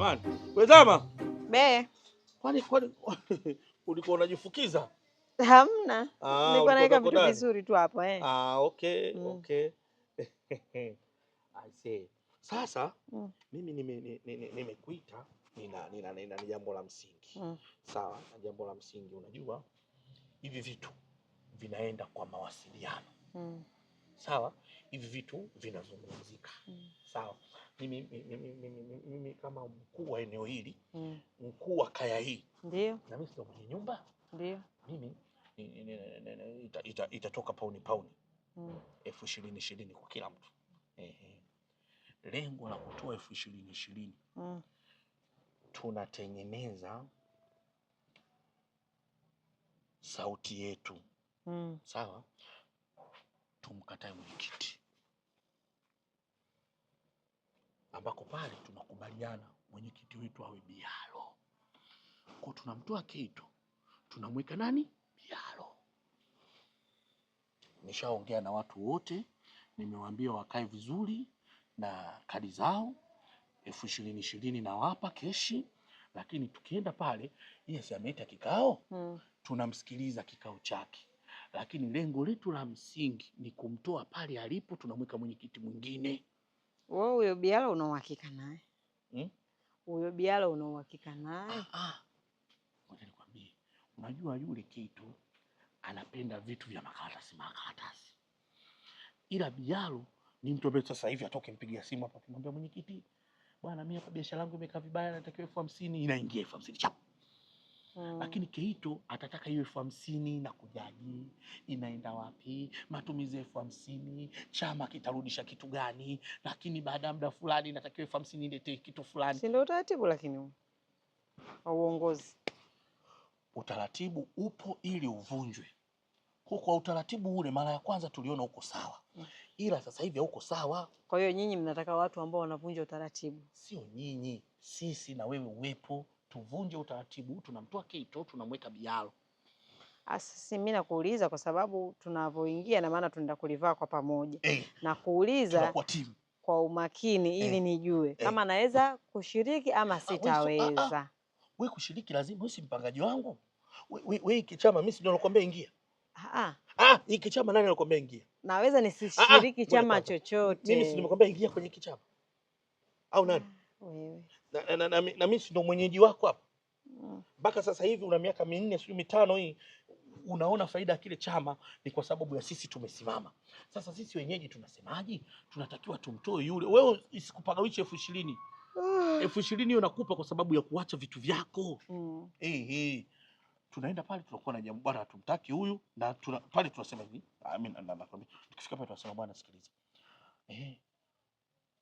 Jamani, wewe Be. Kwani kwani ulikuwa unajifukiza? Hamna. Ah, nilikuwa naweka vitu vizuri tu hapo eh. Ah, okay, mm. okay. I see. Sasa mm. mimi nimekuita nime, ni nina nina nina jambo la msingi. Mm. Sawa, na jambo la msingi unajua hivi vitu vinaenda kwa mawasiliano. Mm. Sawa? hivi vitu vinazungumzika mm. Sawa, mimi, mimi, mimi, mimi kama mkuu wa eneo hili mm. mkuu wa kaya hii ndio, na mimi sio mwenye nyumba ndio, mimi itatoka ita, ita pauni pauni mm. elfu ishirini ishirini kwa kila mtu ehe. Lengo la kutoa elfu ishirini ishirini mm. tunatengeneza sauti yetu mm. Sawa, tumkatae mwenyekiti ambako pale tunakubaliana mwenyekiti wetu awe biaro Kwa tunamtoa Keito, tunamweka nani? Bialo. Nishaongea na watu wote, nimewaambia wakae vizuri na kadi zao elfu ishirini ishirini nawapa keshi, lakini tukienda pale yes, ameita kikao hmm. tunamsikiliza kikao chake, lakini lengo letu la msingi ni kumtoa pale alipo, tunamweka mwenyekiti mwingine wewe huyo Biala una uhakika naye? Hmm? Huyo Biala una uhakika naye? Ah, ah. ngoja nikwambie. Unajua yule kitu anapenda vitu vya makaratasi makaratasi. Ila Bialu ni mtu ambaye sasa hivi atoke mpigia simu hapa kumwambia mwenyekiti, bwana mimi hapa biashara yangu imekaa vibaya natakiwa elfu hamsini inaingia elfu hamsini mm. Lakini Keito atataka hiyo elfu hamsini na kujaji inaenda wapi, matumizi ya elfu hamsini chama kitarudisha kitu gani, lakini baada ya muda fulani natakiwa elfu hamsini iletee kitu fulani. Si ndio utaratibu lakini wa uongozi? Utaratibu upo ili uvunjwe kwa utaratibu ule, mara ya kwanza tuliona uko sawa, mm. ila sasa hivi hauko sawa. Kwa hiyo nyinyi mnataka watu ambao wanavunja utaratibu? Sio nyinyi, sisi na wewe uwepo tuvunje utaratibu, tunamtoa Keito tunamweka Bialo. Sisi mimi nakuuliza kwa sababu tunavyoingia na maana tunaenda kulivaa kwa pamoja hey. Eh. na kuuliza kwa umakini ili hey. Eh. nijue eh. kama hey. naweza kushiriki ama ah, sitaweza. Ah, ah. Wewe kushiriki lazima, wewe si mpangaji wangu. Wewe kichama, mimi sio nakwambia ingia. Ah ah, hiki chama nani anakwambia ingia? Naweza nisishiriki chama chochote. Mimi si nimekwambia ingia kwenye kichama au nani? Wewe na, na, na, na, na mimi si ndo mwenyeji wako hapa mm. mpaka sasa hivi una miaka minne sijui mitano hii unaona faida ya kile chama ni kwa sababu ya sisi tumesimama. Sasa sisi wenyeji tunasemaje? Tunatakiwa tumtoe yule. Wewe isikupagawishe elfu ishirini ah. elfu ishirini hiyo nakupa kwa sababu ya kuacha vitu vyako mm. Hey, hey. Tunaenda pale tunakuwa na jambo bwana, hatumtaki huyu na tuna, pale tunasema hivi tukifika pale tunasema bwana, sikiliza eh,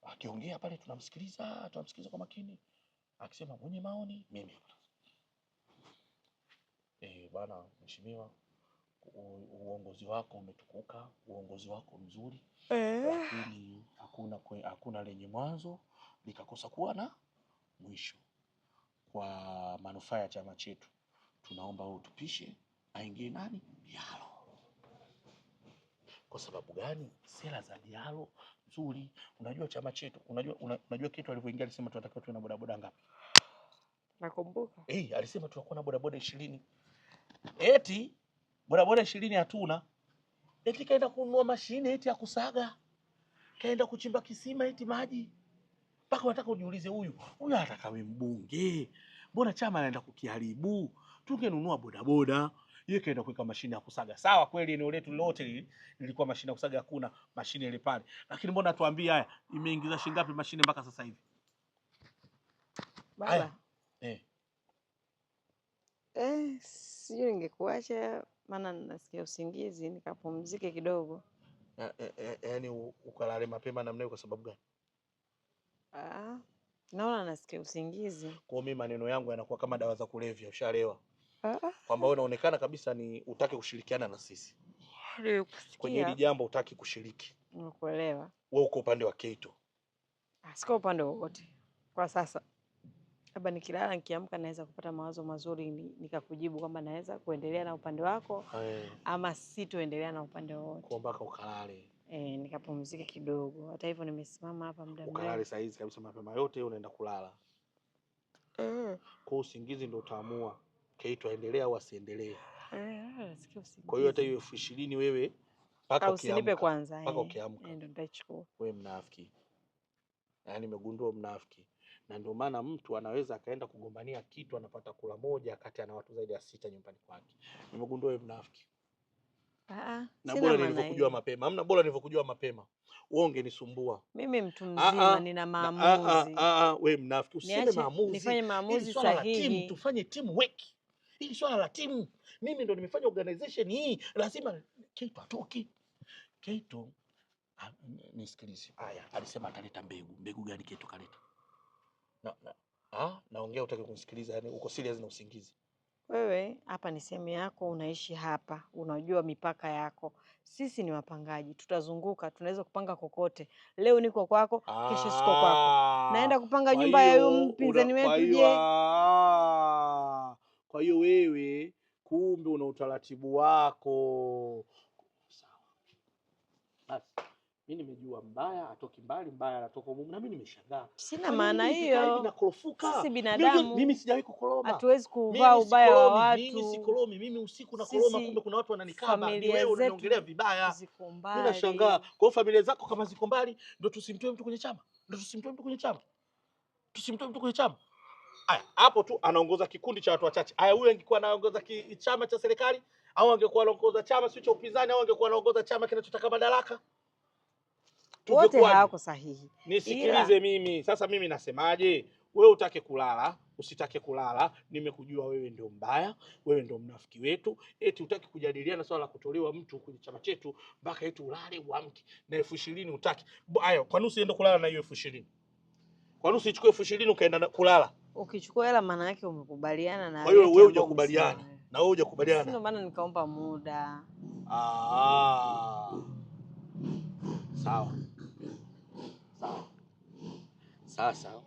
Akiongea pale tunamsikiliza, tunamsikiliza kwa makini. Akisema mwenye maoni mimi hapa. E, eh, bwana mheshimiwa, uongozi wako umetukuka, uongozi wako mzuri. Eh, lakini hakuna hakuna lenye mwanzo likakosa kuwa na mwisho. Kwa manufaa ya chama chetu tunaomba wewe utupishe aingie nani Dialo. Kwa sababu gani? Sera za Dialo nzuri, unajua chama chetu, unajua una, unajua kitu alivyoingia alisema tunatakiwa tuwe na bodaboda ngapi? Nakumbuka. Eh, hey, alisema tunakuwa na bodaboda 20. Eti bodaboda 20 hatuna. Eti kaenda kununua mashine eti ya kusaga. Kaenda kuchimba kisima eti maji. Mpaka unataka ujiulize huyu, huyu atakawe mbunge. Mbona chama anaenda kukiharibu? Tungenunua bodaboda hiyo kaenda kuweka mashine ya kusaga. Sawa, kweli eneo letu lote lilikuwa mashine ya kusaga, hakuna mashine ile pale, lakini mbona tuambie, haya imeingiza shilingi ngapi mashine mpaka sasa hivi baba? Eh, eh, sijui ningekuacha, maana nasikia usingizi, nikapumzike kidogo. Yaani ukalale mapema namna hiyo kwa sababu gani? Ah, naona nasikia usingizi. Kwa mimi maneno yangu yanakuwa kama dawa za kulevya, ushalewa kwamba unaonekana kabisa ni utaki kushirikiana na sisi kwenye hili jambo, utaki kushiriki. Nimekuelewa. Wewe uko upande wa Keito. Ah, siko upande wowote kwa sasa, labda nikilala nikiamka naweza kupata mawazo mazuri nikakujibu kwamba naweza kuendelea na upande wako Ae. Eh. ama sitoendelea na upande wowote kwa mpaka ukalale e, eh, nikapumzike kidogo. Hata hivyo nimesimama hapa muda mrefu. Ukalale saa hizi kabisa mapema, yote unaenda kulala e. Kwa usingizi ndio utaamua kaitwa endelea au asiendelee. Ah, Kwa hiyo hata hiyo elfu ishirini wewe mpaka ah, usinipe kwanza, mpaka eh. ukiamka eh, ndio nitaichukua. Wewe mnafiki, yaani nimegundua mnafiki, na ndio maana mtu anaweza akaenda kugombania kitu anapata kula moja kati ana watu zaidi ya sita nyumbani kwake. Nimegundua wewe mnafiki. Aa, ah, na bora nilivyokujua mapema. Hamna bora nilivyokujua mapema. Wewe ungenisumbua. Mimi mtu mzima nina maamuzi. Ah ah ah, wewe mnafiki. Useme maamuzi. Nifanye yaani maamuzi sahihi. Timu tufanye team teamwork hili swala la timu, mimi ndo nimefanya organization hii, lazima Keito atoke. Keito ah, nisikilize, haya, alisema ataleta mbegu. Mbegu gani Keito kaleta? na, na, ah, naongea utaki kunisikiliza? Yani uko serious na usingizi? Wewe hapa ni sehemu yako, unaishi hapa, unajua mipaka yako. Sisi ni wapangaji, tutazunguka, tunaweza kupanga kokote. Leo niko kwako, kesho siko kwako, ah, naenda kupanga nyumba ya huyu mpinzani wetu. Je, ah, kwa hiyo wewe kumbe una utaratibu wako. Sawa. basi Mimi nimejua mbaya atoki mbali, mbaya anatoka mumu, na mimi nimeshangaa. Sina maana hiyo, sisi binadamu. Mimi sijawahi kukoroma, hatuwezi kuvaa ubaya wa watu. Mimi sikolomi, mimi usiku na koroma, kumbe kuna watu wananikaba, ni wewe unaniongelea vibaya. Mimi nashangaa. Kwa hiyo familia zako kama ziko mbali, ndio tusimtoe mtu kwenye chama, ndio tusimtoe mtu kwenye chama, tusimtoe mtu kwenye chama. Aya, hapo tu anaongoza kikundi cha watu wachache. Aya, huyo angekuwa anaongoza chama cha serikali au angekuwa anaongoza chama sio cha upinzani au angekuwa anaongoza chama kinachotaka madaraka? Wote hawako sahihi. Nisikilize Ila. mimi. Sasa mimi nasemaje? Wewe utake kulala, usitake kulala, nimekujua wewe ndio mbaya, wewe ndio mnafiki wetu. Eti utaki kujadiliana swala la kutolewa mtu kwenye chama chetu mpaka eti ulale uamke na elfu ishirini utaki. Hayo, kwa nini usiende kulala na hiyo elfu ishirini? Kwa nini usichukue elfu ishirini ukaenda kulala? ukichukua hela maana yake umekubaliana na. Kwa hiyo wewe hujakubaliana na wewe hujakubaliana. Ndio maana nikaomba muda. Ah. Sawa. Sawa. Sasa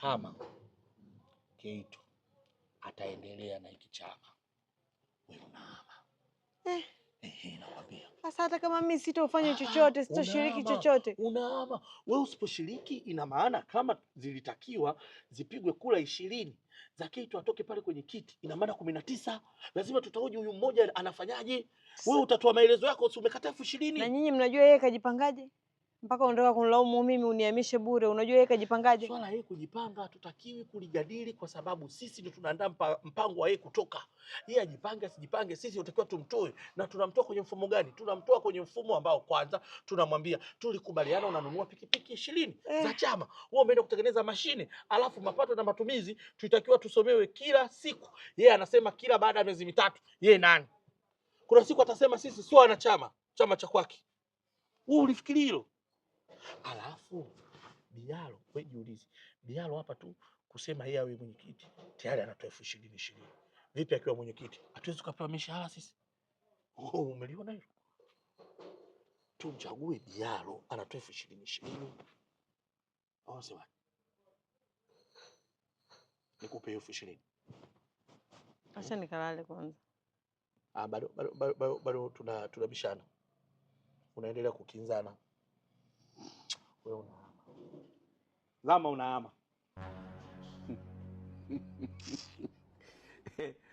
kama Keitu ataendelea na hiki chama wewe unaama. Eh. Eh, nakwambia sasa hata kama mimi sitofanya ah, chochote, sitoshiriki chochote. Unaama wewe usiposhiriki, ina maana kama zilitakiwa zipigwe kura ishirini za kitu atoke pale kwenye kiti, ina maana kumi na tisa lazima tutaoje huyu mmoja anafanyaje. Wewe utatoa maelezo yako, si umekata elfu ishirini na nyinyi mnajua yeye kajipangaje mpaka unataka kunilaumu mimi uniamishe bure. Unajua yeye kajipangaje? Swala yeye kujipanga hatutakiwi kulijadili, kwa sababu sisi ndio tunaandaa mpango wa yeye kutoka. Yeye ajipange asijipange, sisi tutakiwa tumtoe. Na tunamtoa kwenye mfumo gani? Tunamtoa kwenye mfumo ambao kwanza tunamwambia tulikubaliana, unanunua pikipiki ishirini eh, za chama, wewe umeenda kutengeneza mashine, alafu mapato na matumizi tutakiwa tusomewe kila siku. Yeye anasema kila baada ya miezi mitatu. Yeye nani? Kuna siku atasema sisi sio wanachama, chama cha kwake. Wewe ulifikiri hilo? Alafu biaro wewe jiulize, Bialo hapa tu kusema yeye awe mwenyekiti tayari anatoa elfu ishirini ishirini. Vipi akiwa mwenyekiti hatuwezi kupewa mishahara sisi? Oh, umeliona hilo? Tumchague biaro anatoa elfu ishirini ishirini. Awasema nikupe elfu ishirini acha nikalale kwanza. Ah, bado bado bado, bado tunabishana, tuna unaendelea kukinzana wewe unahama. Zama unahama.